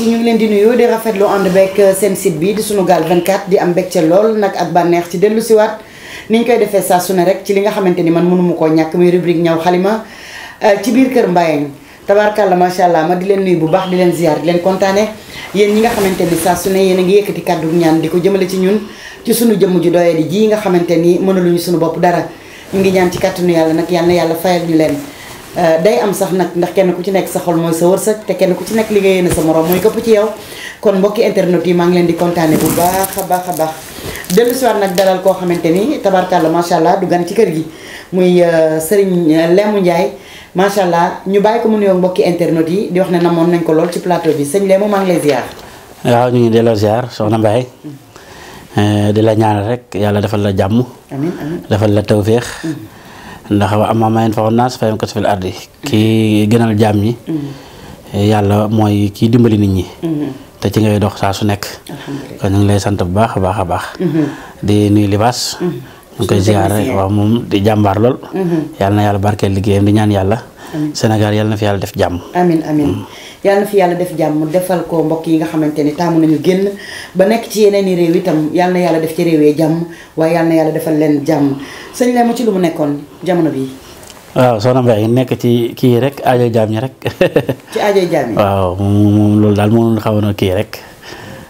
mbokk ñu ngi leen di nuyu di rafetlu ànd beeg euh, seen site bi di Sunugal 24 di am mbégte lool nag ak bànneex ci dellu siwaat ni ñu koy defee saa su rek ci li nga xamante ni man mënuma koo ñàkk muy rubrique ñaw xalima euh, ci biir kër Mbayang tabaarkàlla macha allah ma di leen nuyu bu baax di leen ziar di yéen ñi nga xamante ni saa su yéen a ngi kàddu ñaan di ko jëmale ci ñun ci sunu jëmm ju doye di ji nga xamante ni mënaluñu sunu bopp dara ñu ngi ñaan ci kàttanu yàlla nag yàlla yàlla fayal ñu leen Euh, day am sax nag ndax kenn ku ci nekk sa xol mooy sa wërsëg te kenn ku ci nekk liggéeyee na sa morom mooy këpp ci yow kon mbokki internet yi maa ngi leen di kontaane bu baax a baax a baax dellu si waat nag dalal koo xamante ni tabarkàlla macha allah du gan ci kër gi muy euh, Serigne euh, lemu Ndiaye macha allah ñu bàyyi ko mu nuyoo mbokki internet yi di wax ne namoon nañ ko lool ci plateau bi sëñ Lemou maa ngi lay ziar. waaw ñu ngi delloo ziar soxna Mbaye mm. di la ñaanal rek yàlla defal la jàmm. amiin amiin defal la tawféex. Mm. ndax wa amma maa yanfa'u naas fa yamkutu fil ardi kii gënal jaam ñi mm-hmm. yàlla mooy kii dimbali nit ñi mm-hmm. te ci ngay dox saa su nekk kon ñu ngi lay sant bu baax a baax a baax mm-hmm. di nuyu libaas ñu koy ziar waaw moom di jàmbaar lool. Mm-hmm. yàlla na yàlla barkeel liggéeyam di ñaan yàlla. Sénégal yàlla na fi yàlla def jàmm. amin amin mm. yàlla na fi yàlla def jàmm defal ko mbokk yi nga xamante ni taamu nañu génn ba nekk ci yeneen i réew itam yàlla na yàlla def ci réew yi jàmm waaye yàlla na yàlla defal leen jàmm sëñ Lému ci lu mu nekkoon jamono bii. waaw soxna Mbaye nekk ci kii rek aajo jaam ñi rek. ci aajo jaam ñi. waaw moom loolu daal moo xawoon kii rek.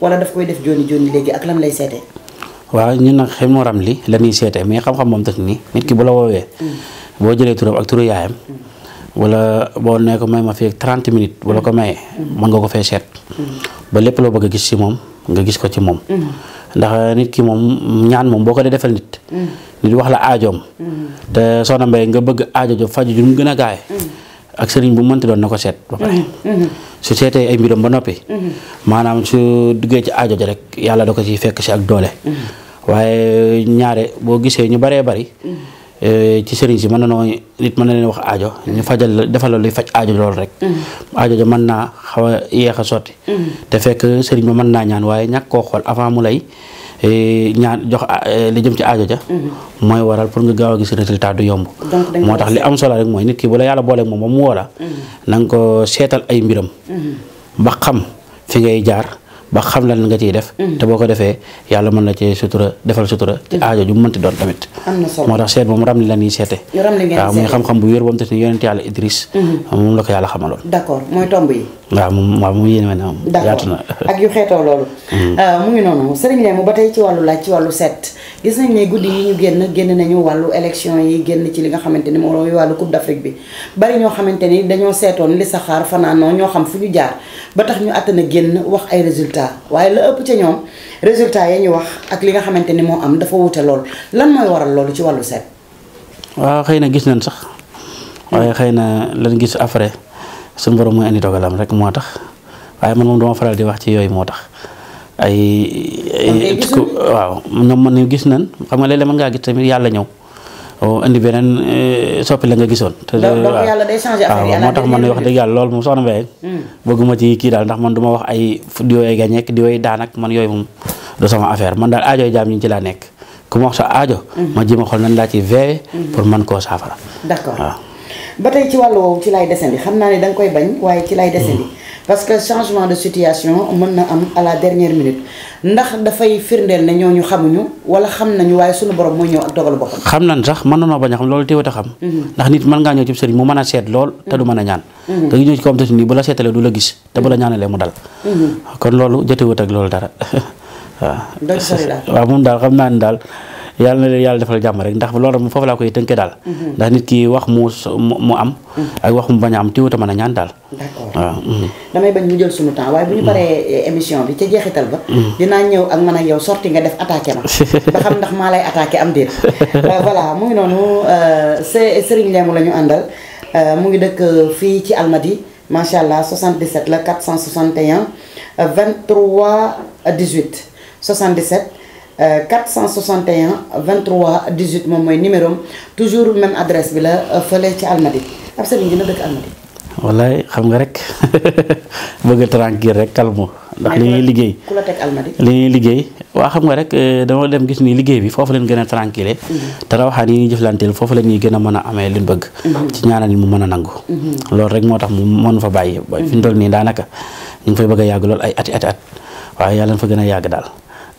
wala daf koy def joni joni léegi ak lan lay seetee. waaw ñun nag xamu ram li la ñuy seetee mais xam-xam moom daf ni nit ki bu la woowee. Mm. boo jëlee turam ak turu yaayam. Mm. wala boo nee may ma fii 30 minutes bu la ko mayee. Mm. mën nga ko fee seet. ba lépp loo bëgg a gis ci moom nga gis ko ci moom. ndax nit ki moom ñaan moom boo ko dee defal nit. nit wax la aajoom. te Soxna Mbaye nga bëgg aajo jo faju mu gën a gaawe ak sëriñ bu mënti doon na ko seet ba pare mhm, mhm. su seetee ay mbiram ba noppi mhm. maanaam su duggee ci ajo ja rek yàlla da ko ci fekk si ak doole waaye ñaare boo gisee ñu baree bari eh, ci sëriñ si mën na noo nit mën na leen wax ajo ñu fajal la defal luy faj aajo loolu rek aajo ja mën naa xaw a yéex a sotti te fekk sëriñ ba mën naa ñaan waaye ñàkk koo xool avant mu lay Eh, ñaan jox eh, li jëm ci aajo ja mhm. mooy waral pour nga gaaw a gis résultat du yomb moo tax li am solo rek mooy nit ki bu la yàlla booleeg moom ba mu woo la mhm. ko seetal ay mbiram mhm. ba xam fi ngay jaar ba xam lan nga ciy def mm. te boo ko defee yàlla mën na ci sutura defal sutura ci mm. aajo ju mënti doon tamit moo tax seet moom ramli la ñuy seete waaw muy xam-xam bu wér boobu tamit yonent yàlla Idris mm-hmm. moom la ko yàlla xamaloon d'accord mooy tomb yi waaw mu yéene na moom yaatu mm. euh, mu ba tey ci wàllu laaj ci wàllu seet gis nañ ne guddi yi ñu génn génn nañu wàllu élection yi génn ci li nga xamante ni moo mooy wàllu coupe d'Afrique bi bari ñoo xamante ni dañoo seetoon li saxaar fanaanoo ñoo xam fu ñu jaar ba tax ñu àttan a génn wax ay résultat waaye la ëpp ca ñoom résultat ya ñu wax ak li nga xamante ni moo am dafa wute lool lan mooy waral loolu ci wàllu seet waaw xëy na gis nañ sax waaye xëy na lan gis après suñu borom mooy indi dogalam rek moo tax waaye man moom di wax ci yooyu moo tax ay ay waaw ñoom man nañu gis nañ xam nga léeg-léeg mën ngaa gis tamit yàlla ñëw indi beneen eh, soppi la nga gisoon te yàlla day changer affaire moo tax man wax dëgg yàlla loolu moom soxna Mbaye hmm. bëgguma ci kii daal ndax man du wax ay di yooyu gañeek di yooyu daanak man yooyu moom du sama affaire man daal aajooy jaam ñi ci laa nekk ku ma wax sa aajo hmm. ma jéem a xool nan laa ci veewe hmm. pour man koo saafara waaw ba tey ci wàllu woowu ci lay desandi xam naa ne da koy bañ waaye ci lay desandi parce que changement de situation mën na am à la dernière minute ndax dafay firndeel ne ñooñu xamuñu wala xam nañu waaye suñu borom mooy ñëw ak dogal boppam. xam nañ sax mën nanoo bañ a xam loolu teewut a xam. Mhm. ndax nit mën ngaa ñëw ci sëriñ seet lool te du mën ñaan. Mhm. nga ñëw nii bu la seetalee du la gis te bu la ñaanalee mu dal. Mhm. kon loolu jotewut ak loolu dara waaw. waaw moom daal xam naa ne daal. yàlla na leen yàlla defal jàmm rek ndax loolu foofu laa koy tënkee daal. Mhm. ndax nit ki wax mu mu am. Mhm. ak wax mu bañ a am teewut a mën a ñaan daal. d'accord waaw. Mhm. damay bañ ñu jël suñu temps waaye bu ñu paree eh, émission bi ca jeexital ba. dinaa ñëw ak man ak yow sorti nga def attaqué ma ba xam ndax maa lay attaqué am déet. Euh, voilà mu ngi noonu euh, Serigne Lemou la ñu àndal euh, mu ngi dëkk fii ci Almadi macha allah 77 la 461 23 18 77. 461 23 18 moom mooy numéro am toujours même bi la euh, fële ci xam nga rek bëgg tranquille rek calme ndax li ñuy liggéey li ñuy liggéey waa xam nga rek euh, dama dem gis ni liggéey bi foofu leen gën a tranquille mhm. te rawaxaan yi ñuy jëflanteel foofu la ñuy gën a mën a amee liñ bëgg mhm. ci ñaanal mu mën a nangu mhm. loolu rek moo tax mu mën fa bàyyi fi ñu toll nii daanaka ñu ngi fay bëgg a yàgg loolu ay ati ati at waaye yàlla na fa gën a yàgg daal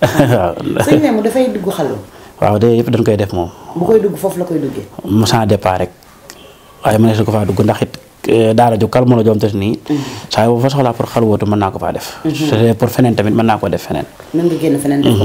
waaw. sëñ Neemu dafay dugg xàllu. waaw de yëpp dañ koy def moom. bu koy dugg foofu la koy duggee. mu sans départ rek waaye ma ne su ko faa dugg ndax it eh, a ju kal ma la jomte nii. Mm-hmm. saa yoo fa soxlaa pour xalwootu mën naa ko faa def. Mm-hmm. su pour feneen tamit mën naa koo def feneen. mën nga génn feneen. def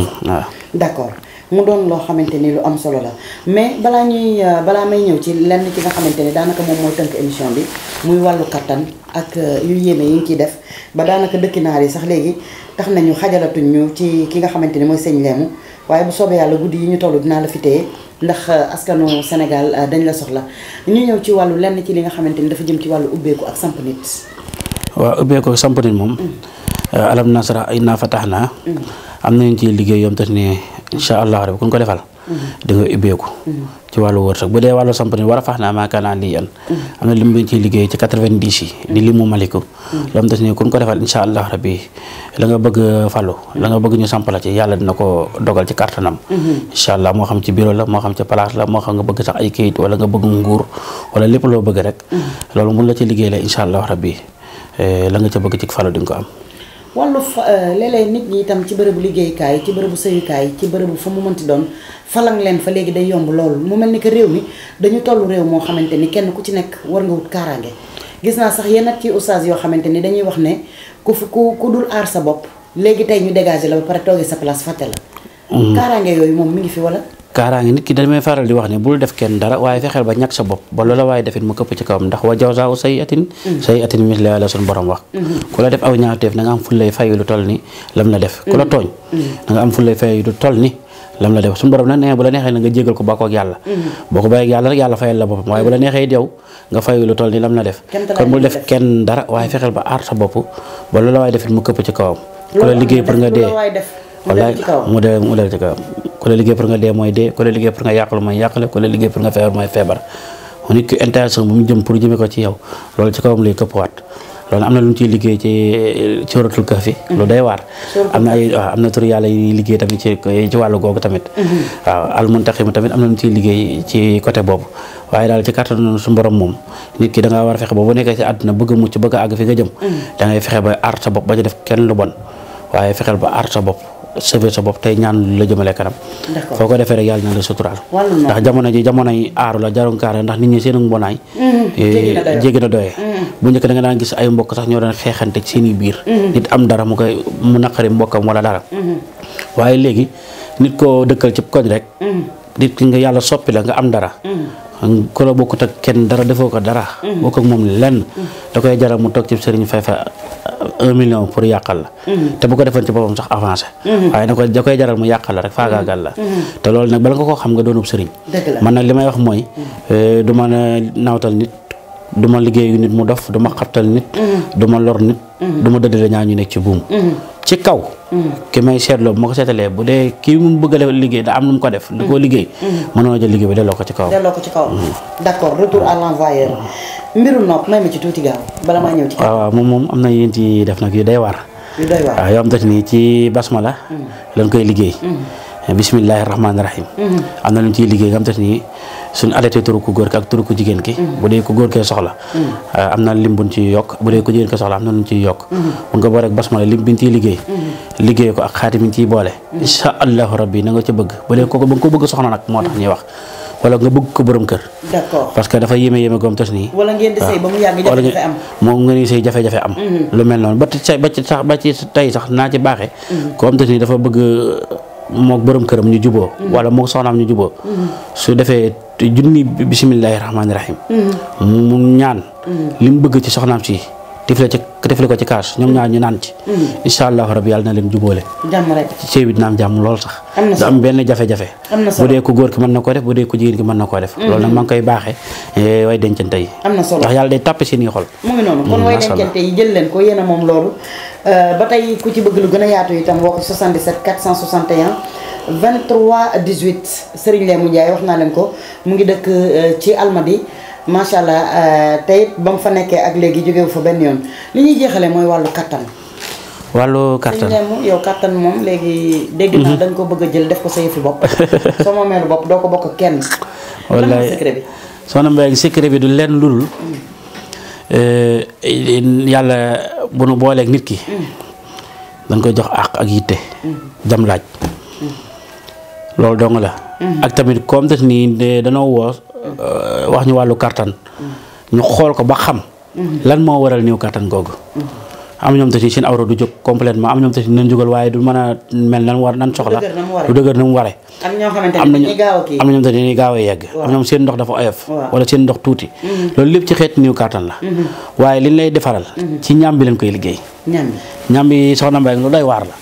ko fa mm-hmm, mu doon loo xamante ni lu am solo la mais balaa ñuy euh, balaa may ñëw ci lenn ci nga xamante ni daanaka moom mooy tënk émission bi muy wàllu kattan ak euh, yu yéeme yi ngi ciy def ba daanaka dëkki naar yi sax léegi tax nañu xajalatuñ ñu ci ki nga xamante ni mooy sëñ leemu waaye bu soobee yàlla guddi yi ñu toll dinaa la fi téye ndax euh, askanu Sénégal dañ la soxla ñu ñëw ci wàllu lenn ci li nga xamante ni dafa jëm ci wàllu ubbeeku ak samp nit. waaw ubbeeku ak samp nit moom. Mm. Euh, alam nasra inna fatahna am nañu ci liggéey yoom tax ne incha allah rabbi kuñ ko defal di nga ubbeeku ci wàllu sax bu dee wàllu samp ni war a fax naa maakaanaa lii an am na lim bi ciy liggéey ci quatre-vingt-dix yi di li mu maliku loolu des ne kuñ ko defal incha allah rabbi la nga bëgg falu la nga bëgg ñu samp la ci yàlla dina ko dogal ci kàttanam incha allah moo xam ci bureau la moo xam ci place la moo xam nga bëgg sax ay kayit wala nga bëgg nguur wala lépp loo bëgg rek loolu mun la ci liggéey incha allah rabbi eh, la nga ca bëgg ci falu di ko am wàllu fa euh, léeg-léeg nit ñi itam ci bërëbu liggéeyukaay ci bërëbu sëyukaay ci bërëbu fa mu mënti doon falang leen fa léegi day yomb loolu mu mel ni que réew mi dañu tollu réew moo xamante ni kenn ku ci nekk war nga wut kaaraange gis naa sax yenn ci oustaz yoo xamante ni dañuy wax ne ku fi ku ku dul aar sa bopp léegi tey ñu dégagé la ba pare toogee sa place fàtte la. Mm-hmm. kaaraange yooyu moom mi ngi fi wala. kaaraange nit ki damay faral di wax ne wa jawzaaw say atin say atin mis mm-hmm. la la suñu borom wax mm-hmm. ku la def aw ñaawteef na nga am fullay fayu lu toll ni lam la def ku la mm-hmm. tooñ na nga am fullay fayu lu toll ni lam la def suñu borom nag nee bu la neexee na nga jégal ko bàkkoo ak yàlla boo ko bàyyi ak yàlla rek yàlla fayal la boppam waaye bu la neexee it yow nga fayu lu toll ni def kenn dara waaye fexeel ba aar sa bopp ba loola waaye defit mu këpp ci kawam ku la liggéey pour nga dee mu dee ci kawam ku la liggéey pour nga dee mooy dee ku la liggéey pour nga yàqal mooy yàqale ku la liggéey pour nga feebar mooy feebar nit ki intention bu mu jëm pour jëmee ko ci yow loolu ci kawam lay këppwaat loolu am na lu ñu ciy liggéey ci suratul kahfi lu day waaw am na tur mm-hmm. tamit am na lu ñu ciy liggéey ci côté boobu waaye daal ci kàttanu su borom moom nit ki da ngaa war a fexe ba bu nekkee ci àdduna bëgg a mucc bëgg a àgg fi nga jëm mm-hmm. da ngay fexe ba aar sa bopp ba ci def kenn lu bon waaye fexeel ba aar sa bopp sauver sa bopp tey ñaan lu la jëmale kanam foo ko defee rek yàlla na la suturaal ndax jamono ji jamonoy aaru la jarunkaar ndax nit ñi seen mbonaay mm-hmm. eh, jéggi na doyee mm-hmm. bu njëkk da nga daan gis ay mbokk sax ñoo doon xeexante ci i biir mm-hmm. nit am dara mu koy mu naqari mbokkam wala dara waaye léegi nit ko dëkkal ci koñ rek nit ki nga yàlla soppi la nga am dara xam ku la bokkut ak kenn dara defoo ko dara. Mm-hmm. bokk ak moom lenn. Mm-hmm. da koy jaral mu toog ci sëriñ fay fa un million pour yàqal la. Mm-hmm. te bu ko defoon ci boppam sax avancé. waaye nag da koy jaral mu yàqal la rek faagaagal la. te loolu nag bala nga koo xam nga doonub sëriñ. man nag li may wax mooy. Eh, du ma nawtal nit. du ma liggéeyu nit mu dof du ma xabtal nit. du ma lor nit. du ma dëddale ñaa ñu nekk ci buum. ci kaw. Mm. ki may seetloo bu ma ko seetalee bu dee kii mu bëgg liggéey da am nu mu ko def. da koo liggéey. Mm. mënoo jël liggéey bi delloo ko ci kaw. delloo ko ci kaw mm. d'accord retour à l'envoyeur. mbirum nopp may ma ci tuuti gaaw bala maa ñëw ci kaw. waaw moom moom am na yéen def nag yu day war yu day waar waaw yoo am daf nii ci basmala. lañ koy liggéey. bisimilahi rahmaani rahim. Mhm. am na lu ñu ciy liggéey nga xam te ni suñu arrêté turu ku góor ki ak turu ku jigéen ki. Mhm. bu dee ku góor kee soxla. Mhm. Ah, am na lim bu ñu ciy yokk bu dee ku jigéen kee soxla am na lu ñu ciy yokk. bu dee ba nga ko bëgg soxna nag moo tax ñuy wax. wala nga bëgg ko borom kër. Ah. ba mu yàgg jafe-jafe am moom lu mel noonu ba ci ba tey sax naa ci baaxee. ko am tos nii dafa bëgg. mook borom këram ñu juboo mhm. wala mook soxnaam ñu juboo mhm. su defee junni bisimilahi rahmaani rahim mhm. mu ñaan li bëgg ci soxnaam si tifle ci nga defale ko ci kaas ñoom ñaar ñu naan ci. Mm. incha allahu rabi yàlla na leen jubóole. jàmm rek ci bi jàmm lool sax. am am benn jafe-jafe. bu dee ku góor ki mën na koo def bu dee ku jigéen ki mën na koo def. Mm-hmm. loolu nag koy baaxee eh, way dencante yi. ndax yàlla day tàppe si xol. mu ngi noonu kon mm, way dencante yi jël leen ko yéen a moom loolu. Euh, ba tey ku ci bëgg lu gën a yaatu itam woo ko 77 461 23 18 Serigne Lémou Ndiaye wax naa leen ko mu ngi dëkk euh, macha allah euh, te it ba mu fa nekkee ak léegi jógewu fa benn yoon li ñuy jeexale mooy wàllu kattan. wàllu kattan suñu yow kattan moom léegi. dégg mhm. dañ ko bëgg a jël def ko sa bopp soo moomeelu bopp doo ko bokk kenn. wallaay secret bi. soxna Mbaye bi du lenn lu dul eh, yàlla bu nu booleeg nit ki. Mhm. dañ koy jox àq ak yitte. Mhm. jam laaj. loolu dong la. ak tamit comme te nii eh, danoo woo Euh, wax ñu wàllu kàttan ñu xool ko ba xam lan moo waral néew kàttan googu am ñoom tamit seen awra du jóg complètement am ñoom tamit nañ jógal waaye du mën a mel nan war nan soxla du dëgër na mu ware am na ñoo xamante ne dañuy gaaw a kii am a yegg am ñoom seen ndox dafa oyof wala seen ndox tuuti mm-hmm. loolu lépp ci xeet néew kàttan la mm-hmm. waaye liñ lay defaral mm-hmm. ci ñam bi lañ koy liggéey ñam bi soxna Mbaye lu doy waar la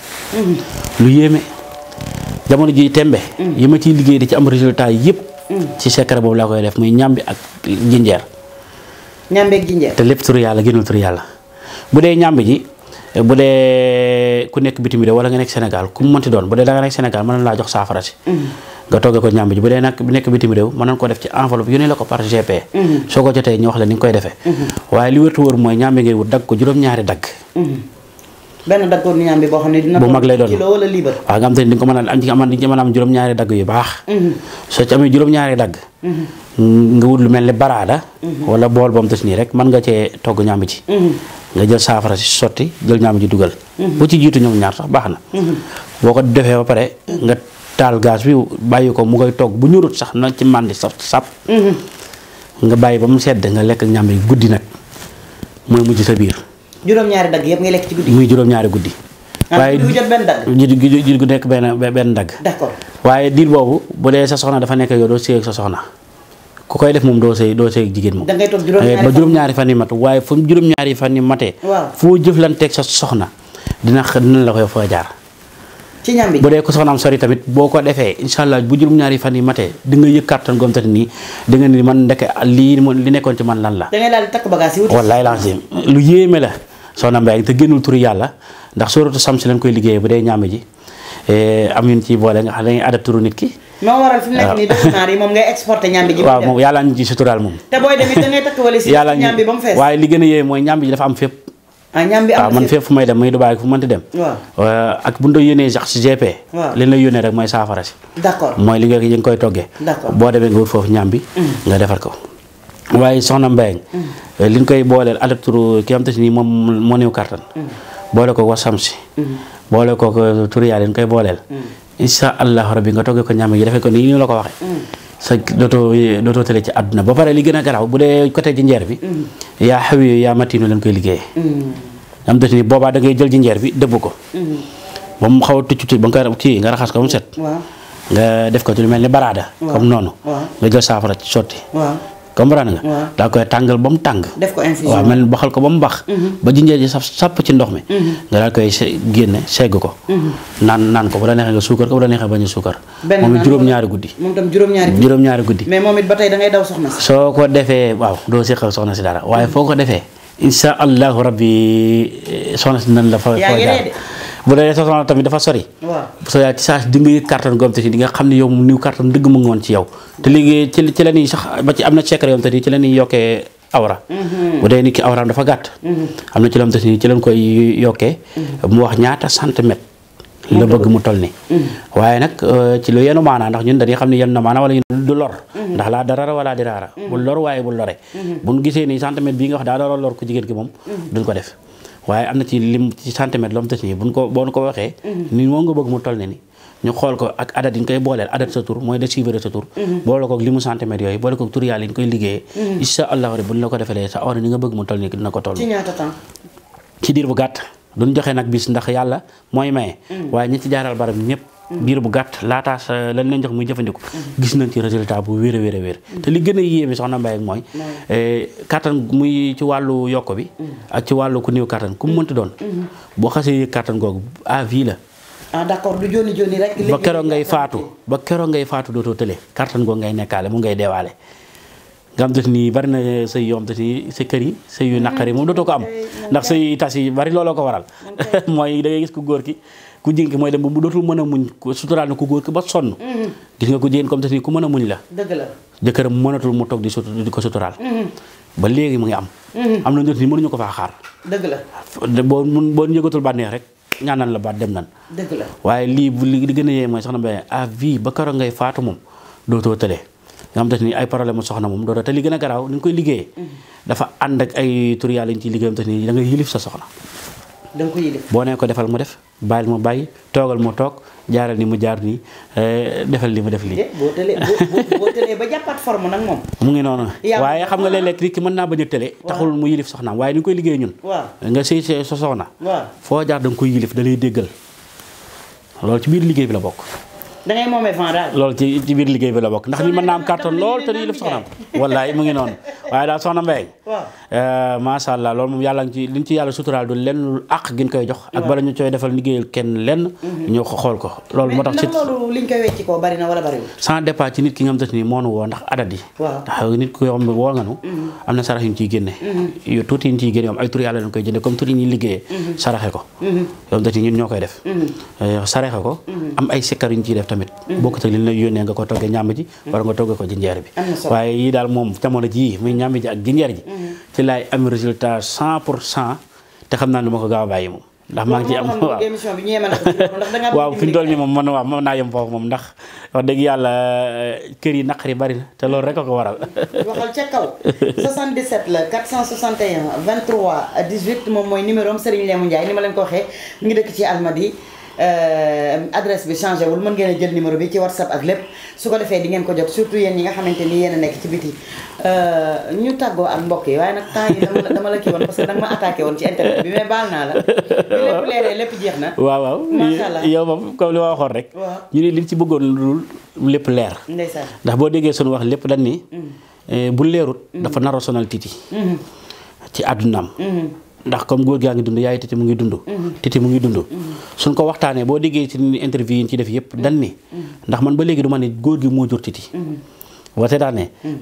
lu yéeme jamono ji tembe yi ma liggéey di ci am résultat ci secret boobu laa koy def muy ñambi ak jinjeer. ñambi ak jinjeer. te lépp turu yàlla génnul turu yàlla bu dee ñambi ji bu dee ku nekk bitim réew wala nga nekk Sénégal ku mu mënti bu dee da nga nekk Sénégal mën laa jox saafara si. Mm-hmm. nga toggee ko ñàmb ji bu dee nag nekk bitim réew mën nañ ko def ci enveloppe yónnee la ko par GP mm-hmm. soo ko jotee ñu la ni nga koy defee mm-hmm. waaye li wërtu wër mooy ñàmbi ngay wut dagg ko juróom-ñaari dagg benn dagg ñaambi boo xam ne dina bu mag lay doon kilo wala ah, nga am te ni di nga ko mën a am di ci mën a am juróom-ñaari dagg yu baax mm-hmm. soo ci amee juróom-ñaari dagg mm-hmm. nga wut lu mel ni baraada mm-hmm. wala bool boom des nii rek mën nga cee togg ñaambi ci nga jël saafara si sotti jël ñaambi ci dugal boo ci jiitu ñoom ñaar sax baax na boo ko defee ba pare nga taal gaz bi bàyyi ko mu koy togg bu ñurut sax na ci màndi saf sap nga bàyyi ba mu sedd nga lekk ñaambi guddi nag mooy mujj sa biir juróom-ñaari dagg yëpp ngay lekk ci muy juróom-ñaari guddi. Ah, waaye du jot benn dagg. ji ji benn benn dagg. d'accord waaye diir boobu bu dee sa soxna dafa nekk yow doo séy ak sa soxna ku koy def moom doo séy doo séy jigéen moom. da ngay toog juróom-ñaari eh, ba juróom-ñaari fan yi mat waaye fu juróom-ñaari fan yi matee. waaw foo jëflanteeg sa soxna dina dina la koy fa jaar. ci ñam bi bu dee ko soxnaam sori tamit boo ko defee incha allah bu juróom-ñaari fan yi matee di nga yëg kàttan goom tati nii di nga ni man ndeke lii li nekkoon ci man lan la. da ngay daal lu yéeme la soxna Mbaye te génnul turu yàlla ndax sóoratu Samsi lañ koy liggéeyee bu dee ñaame ji eh, am ñun ci boole nga xam ne dañuy nit ki. moo ah. yi moom ngay exporté ñàmbi ji. waaw moom yàlla ñu ci suturaal moom. te booy demee da ngay li gën a mooy ñàmbi ji am fépp. ah ñàmbi am may dem muy Dubaay fu mënti dem. waaw eh, ak bu ñu doon yónnee si GP. waaw rek mooy saafara si. d'accord mooy li nga li boo demee nga wut foofu ñàmbi. Mm. nga defar ko. waaye soxna Mbayang mm. li ñu koy booleel alaturu ki am te si nii moom moo néew kàttan mm. boole ko wasam si mm. boole ko ko yàlla li ñu koy booleel insha allahu rabbi nga toggee ko ñam yi defee ko nii la ko waxee sa dootoo dootoo tële ci àdduna ba pare li gën a garaaw bu dee côté jinjeer bi yaa xaw yi yaa matinu leen koy liggéeyee am te si nii boobaa da ngay jël jinjeer bi dëbb ko ba mu xaw a tucc tucc ba nga koy kii nga raxas ko ba mu set nga def ko ci lu mel ni baraada comme noonu nga jël saafara comme comprendre nga. daa koy tàngal ba mu tàng. def ko infusion waaw mel ko ba mu bax. Mhm. ba jinjeer ji saf sàpp ci ndox mi. Mhm. nga daal koy génne segg ko. Mhm. naan naan ko bu la neexee nga suukar ko bu la neexee bañ a suukar. benn moom it juróom-ñaari guddi. moom tam juróom-ñaari guddi soo ko defee waaw doo seqal soxna si dara waaye foo ko defee. incha allahu rabbi eh, soxna si nan la fa. yaa bu dee sa soxla tamit dafa sori. waaw soo yaay ci saa di nga carton gom si di xam ne yow niw carton dëgg mu ngi woon ci yow. te léegi ci ci la sax ba ci am na secret yoo xam ci la ñuy yokkee awra. Mhm. bu dee nit ki dafa gàtt. Mhm. am na ci loo xam te ci lañ koy yokkee. Mhm. mu wax ñaata centimètre. la bëgg mu tol ni waaye nag euh, ci lu yenu maanaa ndax ñun dañuy xam ne yenu na maanaa wala ñu du lor ndax laa darara wala diraara bul lor waaye bul lore buñ gisee ni centimètre bii nga wax daa dara lor ku jigéen ki moom duñ ko def waaye am na ci lim ci centimètre la mu tës nii ko boo ko waxee. Mm-hmm. ni moom nga bëgg mu toll ne ni ñu xool ko ak adat yi ñu koy booleel adat sa tur mooy déchiffrer sa tur. Mm-hmm. boole ko ak limu centimètres yooyu boole ko ak tur yàlla yi ñu koy liggéeyee. Mm-hmm. incha allah rek buñ la ko defalee sa or ni nga bëgg mu toll nii dina ko toll. ci diir bu gàtt duñ joxe nag bis ndax yàlla mooy maye. waaye ñi ci jaaral barab biir bu gàtt laataas lan leen jox muy jëfandiku mm-hmm. gis nañ ci résultat bu wér a wér a wér mm-hmm. te li gën a yéeme soxna Mbaye ak mooy mm-hmm. eh, kattan muy ci wàllu yokk bi ak ci wàllu ku néew kattan ku mu mënti doon boo xasee kattan googu à ah, vie la ah d'accord du ngay faatu ba keroog ngay faatu dootoo tële kattan googu ngay nekkaale mu ngay deewaale nga xam def nii bari na sëy yoom def nii sa kër yi sëy yu naqari moom dootoo ko am ndax sëy tas yi bari looloo ko waral mooy da gis ku góor ki ku jigéen ki mooy dem ba bu dootul mën a muñ suturaal na ku góor ki ba sonn mm-hmm. gis nga ku jigéen comme ça nii ku mën a muñ la dëgg mënatul mu toog di ko suturaal mm-hmm. ba léegi mu ngi am mm-hmm. am na ñoo ni mënuñu la boo boo yëgatul bànneex rek ñaanal la baat dem nan dëgg la waaye lii li gën a yee mooy soxna Mbaye à ah vie ba karo ngay faatu moom dootoo tëlee nga xam te ni ay problème soxna moom dootoo te li gën a garaaw ni ñu koy liggéeyee dafa ànd ak ay tur yàlla ñu ciy liggéeyam te ni da yilif sa soxna da ko boo nee ko defal mu def bàyyil mu bàyyi toogal mu toog jaaral ni mu jaar nii eh, defal li mu def lii. Eh, boo tëlee boo moom. mu ngi noonu. waaye xam nga léeg-léeg nit ki mën naa bañ a tële. taxul mu yilif soxnaam waaye ni koy liggéey ñun. nga sëy sa soxna. foo jaar da koy yilif da lay loolu ci biir liggéey bi la bokk. da ngay moomee vendrage ci ci biir liggéey bi la bokk ndax ni man naa am carton lool te nii mu ngi noonu waaye daal soxna Mbaye waaw eh, macha allah loolu moom yàlla ngi ci liñ ci yàlla suturaal du lenn lu àq koy jox ak bala ñu cooy defal liggéeyal kenn lenn mhm. ñu xool ko loolu moo tax ci loolu liñ koy ko nit ki nga xam te ni moonu woo ndax adat yi ndax nit ku yoo woo nga nu mhm. am na sarax yu ñu ciy génne mhm. yu tuuti ñu ciy génne am ay tur yàlla koy jënde comme tur yi ñuy liggéeyee saraxe ko yoo xam te ni ñoo koy def eh, saraxe ko am ay sikkar yu ñu ciy def tamit bokkut ak li ñu lay yónnee nga ko toggee ñàmb ji wala nga toggee ko jinjeer bi waaye yii daal moom jamono ji muy ñàmb ji ak jinjeer ji mhm. ci laay am résultat cent pour cent te xam ma a bàyyi moom ndax maa ngi ci am waaw waaw fi ñu toll nii moom man waaw mën naa yem foofu moom ndax euh, a la 461 23 18 moom mooy numéro am Serigne Lémou Ndiaye ni ma leen ko waxee ngi dëkk ci Almadies Euh, adresse bi changé wul mën ngeen a jël numéro bi ci whatsapp ak lépp su ko defee di ngeen ko jot surtout yéen ñi nga xamante ni yéen a nekk ci biti euh, ñu tàggoo ak mbokk yi waaye nag temps yi dama la dama la kii woon parce que ma attaqué woon ci internet bi mais baal naa la bi lépp leeree lépp jeex na waaw waaw macha allah yow moom comme li waxoon rek ñu ne liñ ci bëggoon lu lépp leer ndeysaan ndax boo déggee suñu wax lépp dañ ni mm. eh, bu leerut mm. dafa nar a sonal mm-hmm. ci àddunaam mm-hmm. ndax comme góor gaa ngi dund yaay titi mu ngi dund mhm. titi mu ngi dund mhm. suñ ko waxtaanee boo déggee ci interview yi ñu ci def yëpp dan ni mhm. ndax man ba léegi du ma ne góor gi moo jur titi wate daa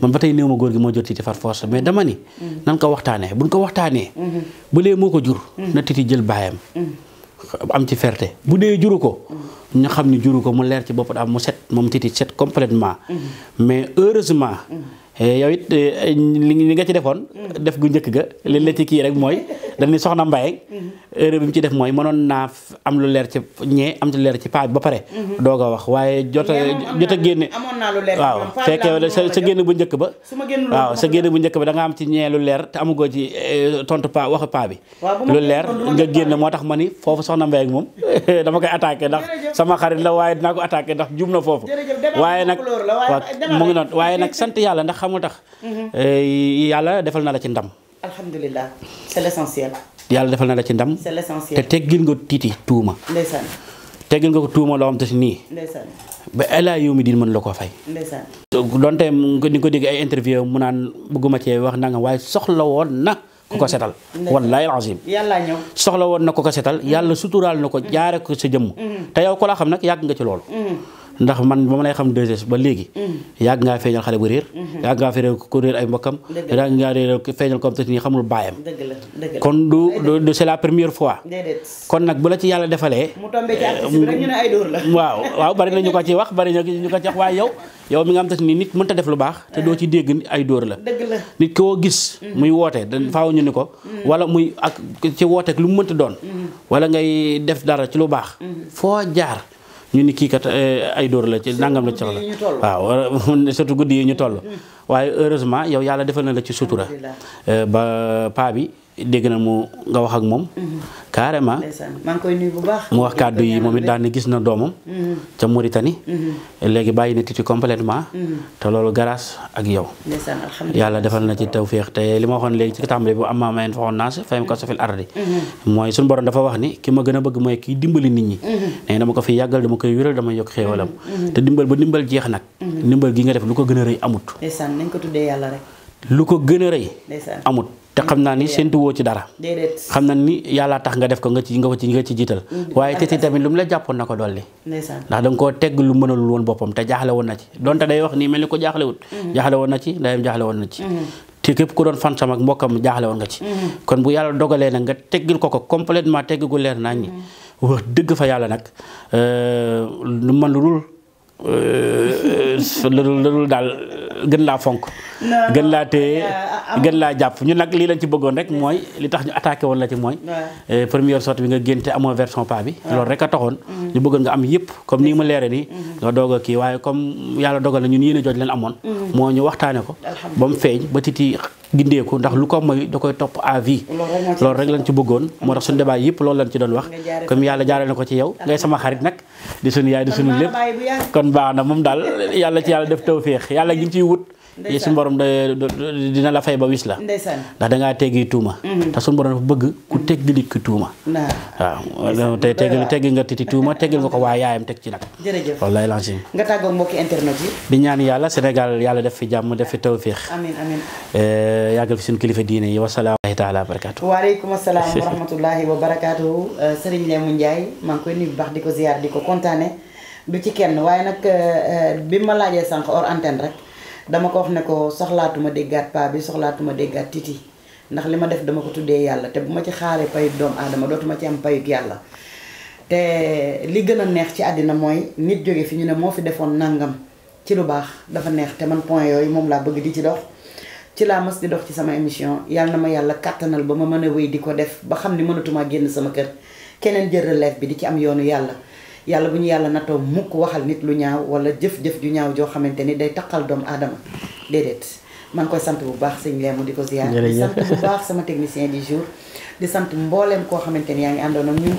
man ba tey néew ma góor gi moo jur titi far force mais dama ni nan ko waxtaanee buñ ko waxtaanee bu moo ko jur na titi jël baayam am ci ferte bu dee juru ko ñu xam ni juru ko mu leer ci bopp daal mu set moom titi set complètement mais heureusement Eh, yow it eh, eh, li nga ci defoon. def gu njëkk ga li la ci kii rek mooy dañ ni soxna Mbaye. erreur mu ci def mooy mënoon naa am lu leer ci ñee am ci leer ci paa ba pare. doog wax waaye jot a jot a génne. amoon naa lu leer waaw fekk sa génn bu njëkk ba. waaw sa génn bu njëkk ba da am ci ñee leer te amugoo ci tontu paa waxu paa bi. lu leer nga génn moo tax ma ni foofu soxna Mbaye ak moom dama koy attaqué ndax sama xarit la waaye dina ko attaqué ndax jum na foofu. waaye nag mu ngi noonu waaye nag sant yàlla ndax xamul tax. Eh, yàlla defal na la ci ndam. alhamdulilah c'est l'essentiel. yàlla defal na la ci ndam. c'est l'essentiel te teggil nga tiiti tuuma. ndeysaan. teggil nga ko tuuma loo xam te si nii. ndeysaan. ba ala yow mi di mën la koo fay. ndeysaan. donte mu ngi ko dégg ay interview mu naan bëgguma cee wax nanga waaye soxla woon na. ku ko setal mm-hmm. wallahi la yàlla soxla woon na ko ko setal mm-hmm. yàlla suturaal na ko jaare ko sa jëmm mm-hmm. te yow ko la xam nag yàgg nga ci loolu ndax man ba ma lay xam 2S ba léegi mm-hmm. yàgg ngaa feeñal xale bu réer mm-hmm. yàgg ngaa feeñal ku réer ay mbokkam xamul baayam kon du du c'est la première fois kon nag bu la ci yàlla defalee mu tombé ci artiste bi euh, rek waaw bari na ko ci wax bari na ñu ko ci wax waaye yow yow mi nga xam te ni nit mën ta def lu baax te doo ci dégg ay dóor la nit koo gis mm-hmm. muy woote da faaw ñu ni ko wala muy ak ci wooteek lu mu mënta doon wala ngay def dara ci lu baax foo jaar ñu ni kii kat eh, ay dóor la ci nangam la ci soxla waaw surtout guddi yi ñu toll mm. waaye heureusement yow yàlla defal na la ci sutura eh, ba paa bi dégg na mu nga wax ak moom. Mhm. carrément. mu wax kàddu yi moom it daal gis na doomam. Mhm. ca Mauritanie. Mhm. léegi bàyyi na Titi complètement te loolu grâce ak yow. yàlla defal na ci féex te li ma waxoon léegi ci tàmbali bu am maa mayoon faxoon naa si fayam ko sofil ardi. mooy suñu borom dafa wax ni ki ma gën a bëgg mooy kii dimbali nit ñi. nee dama ko fi yàggal dama koy wéral dama yokk xéewalam. te dimbal ba dimbal jeex nag. dimbal gi nga def lu ko gën a rëy lu ko gën a rëy te xam naa ni séntu woo ci dara xam na ni yàlla tax nga def ko nga ci nga ci nga ci jiital mm-hmm. waaye te si tamit lu mu la jàppoon na ko dolli ndax da nga koo tegg lu mënalul woon boppam te jaaxle woon na ci donte day wax nii mel ni ko jaaxlewut mm-hmm. jaaxle woon na ci ndayam jaaxle woon mm-hmm. te képp ku doon fan sama ak mbokkam jaaxle woon nga ci kon bu yàlla dogalee nag nga teggil ko ko complètement tegg gu leer naa ñi wax dëgg fa yàlla nag euh, lu mën euh, lu dul lu dul daal gën laa fonk gën laa téye euh, gën laa jàpp ñun nag lii lañ ci bëggoon rek mooy li tax ñu attaqué woon la ci mooy euh, première sorte bi nga génte amoo version pa bi loolu rek a taxoon mm. ñu bëggoon nga am yëpp comme nii ma leere nii nga doog a kii waaye comme yàlla dogal na ñun yéen a jooj leen amoon mm-hmm. moo ñu waxtaane ko ba feeñ ba titi gindeeku ndax lu ko moy da koy topp à vie loolu rek lañ ci bëggoon mm. moo tax suñu débat yëpp loolu lañ ci doon wax comme yàlla jaaree na ko ci yow ngay sama xarit nag di suñu yaay di suñu lépp kon baax na moom daal yàlla ci yàlla def tawféex yàlla gi ciy wut yi suñu borom dina la fay ba wis la ndax dangaa teggi tuuma mhm. te suñu borom dafa bëgg ku mhm. teggi nit ki tuuma waaw te teggi teggi nga titi tuuma teggil nga ko waa yaayam teg ci nag jërëjëf wallaay lancim nga tàggoo mbokki internet yi di ñaan yàlla Sénégal yàlla def fi jàmm def fi tawféex amiin amiin eh, yàggal fi suñu kilifa diine yi wasalaam taala barakatu waaleykum asalaam wa rahmatullahi wa barakatuhu eh, Serigne Lémou Ndiaye koy nuyu baax di ko ziyaar di ko kontaane du ci kenn waaye nag eh, bi ma laajee sànq hors antenne rek dama ko wax ne ko soxlaatuma déggaat paa bi soxlaatuma déggaat titi ndax li ma def dama ko tuddee yàlla te bu ma ci xaaree payug doomu aadama dootuma ci am payug yàlla te li gën a neex ci àddina mooy nit jóge fi ñu ne moo fi defoon nangam ci lu baax dafa neex te man point yooyu moom laa bëgg di ci dox ci laa mas di dox ci sama émission yàlla na ma yàlla kàttanal ba ma mën a wéy di ko def ba xam ni mënatuma génn sama kër keneen jël relève bi di ci am yoonu yàlla yàlla bu ñu yàlla natoo mukk waxal nit lu ñaaw wala jëf-jëf ju ñaaw joo xamante ni day taqal doomu aadama déedéet maa ngi koy sant bu baax sëñ Lému di ko ziar di sant bu baax sama technicien du jour di sant mbooleem koo xamante ni yaa ngi àndoon ak ñun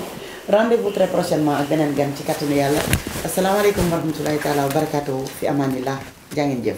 rendez-vous très prochainement ak beneen gan ci kàttanu yàlla asalaamaaleykum wa rahmatulahi taala wa barakaatu fi amaanillah laa ngeen jëf